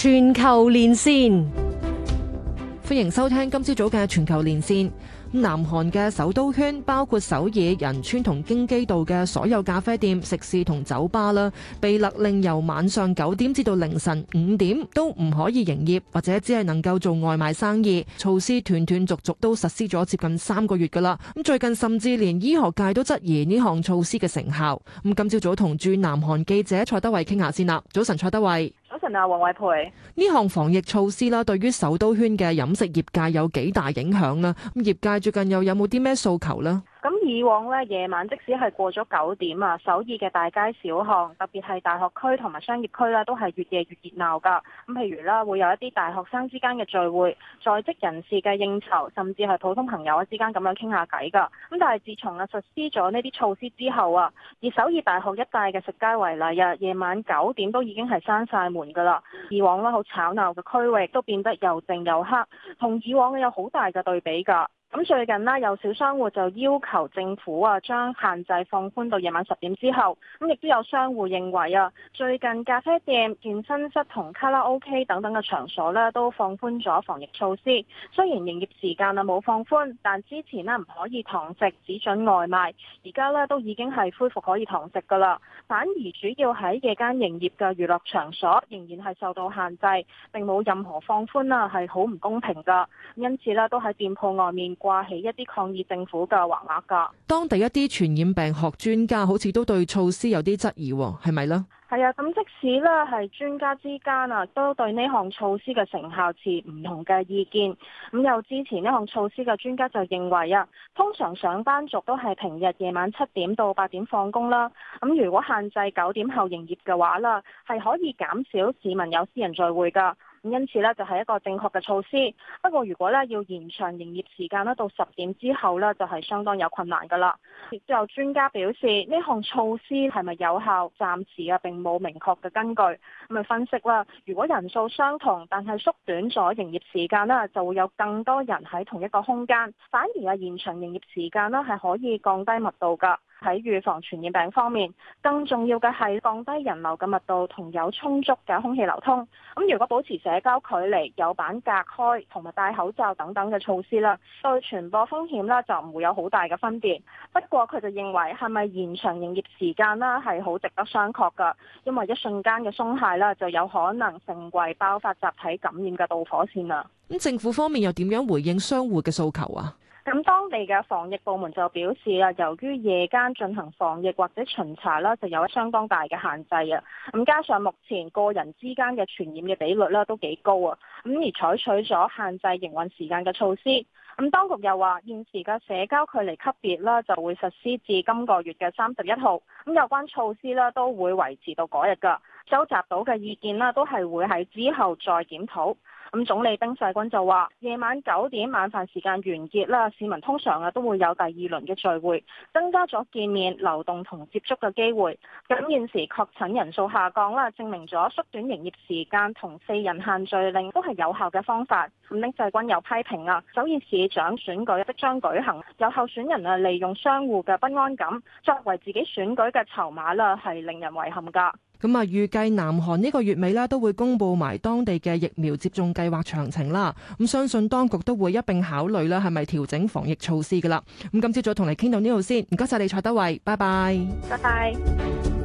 全球連線，歡迎收聽今朝早嘅全球連線。南韓嘅首都圈包括首爾、仁川同京畿道嘅所有咖啡店、食肆同酒吧啦，被勒令由晚上九點至到凌晨五點都唔可以營業，或者只係能夠做外賣生意。措施斷斷續續都實施咗接近三個月噶啦。咁最近甚至連醫學界都質疑呢項措施嘅成效。咁今朝早同駐南韓記者蔡德蕙傾下先啦。早晨，蔡德蕙。啊，王慧蓓，呢項防疫措施啦，對於首都圈嘅飲食業界有幾大影響啦？咁業界最近又有冇啲咩訴求呢？以往咧夜晚即使係過咗九點啊，首爾嘅大街小巷，特別係大學區同埋商業區咧，都係越夜越熱鬧㗎。咁譬如啦，會有一啲大學生之間嘅聚會，在職人士嘅應酬，甚至係普通朋友之間咁樣傾下偈㗎。咁但係自從啊實施咗呢啲措施之後啊，以首爾大學一帶嘅食街為例啊，夜晚九點都已經係閂晒門㗎啦。以往啦好吵鬧嘅區域都變得又靜又黑，同以往有好大嘅對比㗎。咁最近啦，有小商戶就要求政府啊，將限制放寬到夜晚十點之後。咁亦都有商戶認為啊，最近咖啡店、健身室同卡拉 OK 等等嘅場所咧，都放寬咗防疫措施。雖然營業時間啊冇放寬，但之前啦唔可以堂食，只准外賣，而家咧都已經係恢復可以堂食噶啦。反而主要喺夜間營業嘅娛樂場所，仍然係受到限制，並冇任何放寬啦，係好唔公平噶。因此咧，都喺店鋪外面。掛起一啲抗議政府嘅橫額噶，當地一啲傳染病學專家好似都對措施有啲質疑，係咪咧？係啊，咁即使呢係專家之間啊，都對呢項措施嘅成效持唔同嘅意見。咁有支持呢項措施嘅專家就認為啊，通常上班族都係平日夜晚七點到八點放工啦，咁如果限制九點後營業嘅話啦，係可以減少市民有私人聚會噶。因此咧，就係一個正確嘅措施。不過，如果咧要延長營業時間咧，到十點之後咧，就係相當有困難噶啦。亦都有專家表示，呢項措施係咪有效，暫時啊並冇明確嘅根據。咁啊分析啦，如果人數相同，但係縮短咗營業時間啦，就會有更多人喺同一個空間。反而啊，延長營業時間呢係可以降低密度噶。喺預防傳染病方面，更重要嘅係降低人流嘅密度同有充足嘅空氣流通。咁如果保持社交距離、有板隔開同埋戴口罩等等嘅措施啦，對傳播風險咧就唔會有好大嘅分別。不過佢就認為係咪延長營業時間啦係好值得商榷㗎，因為一瞬間嘅鬆懈啦就有可能成為爆發集體感染嘅導火線啦。咁政府方面又點樣回應商戶嘅訴求啊？咁當地嘅防疫部門就表示啊，由於夜間進行防疫或者巡查啦，就有相當大嘅限制啊。咁加上目前個人之間嘅傳染嘅比率呢都幾高啊，咁而採取咗限制營運時間嘅措施。咁當局又話現時嘅社交距離級別啦，就會實施至今個月嘅三十一號，咁有關措施呢都會維持到嗰日㗎。收集到嘅意見啦，都係會喺之後再檢討。咁總理丁世均就話：夜晚九點晚飯時間完結啦，市民通常啊都會有第二輪嘅聚會，增加咗見面、流動同接觸嘅機會。咁現時確診人數下降啦，證明咗縮短營業時間同四人限聚令都係有效嘅方法。咁丁世均又批評啊，首爾市長選舉即將舉行，有候選人啊利用商戶嘅不安感作為自己選舉嘅籌碼啦，係令人遺憾㗎。咁啊，預計南韓呢個月尾咧都會公布埋當地嘅疫苗接種計劃詳情啦。咁相信當局都會一並考慮啦，係咪調整防疫措施㗎啦？咁今朝早同你傾到呢度先，唔該晒你，蔡德蕙，拜拜。拜拜。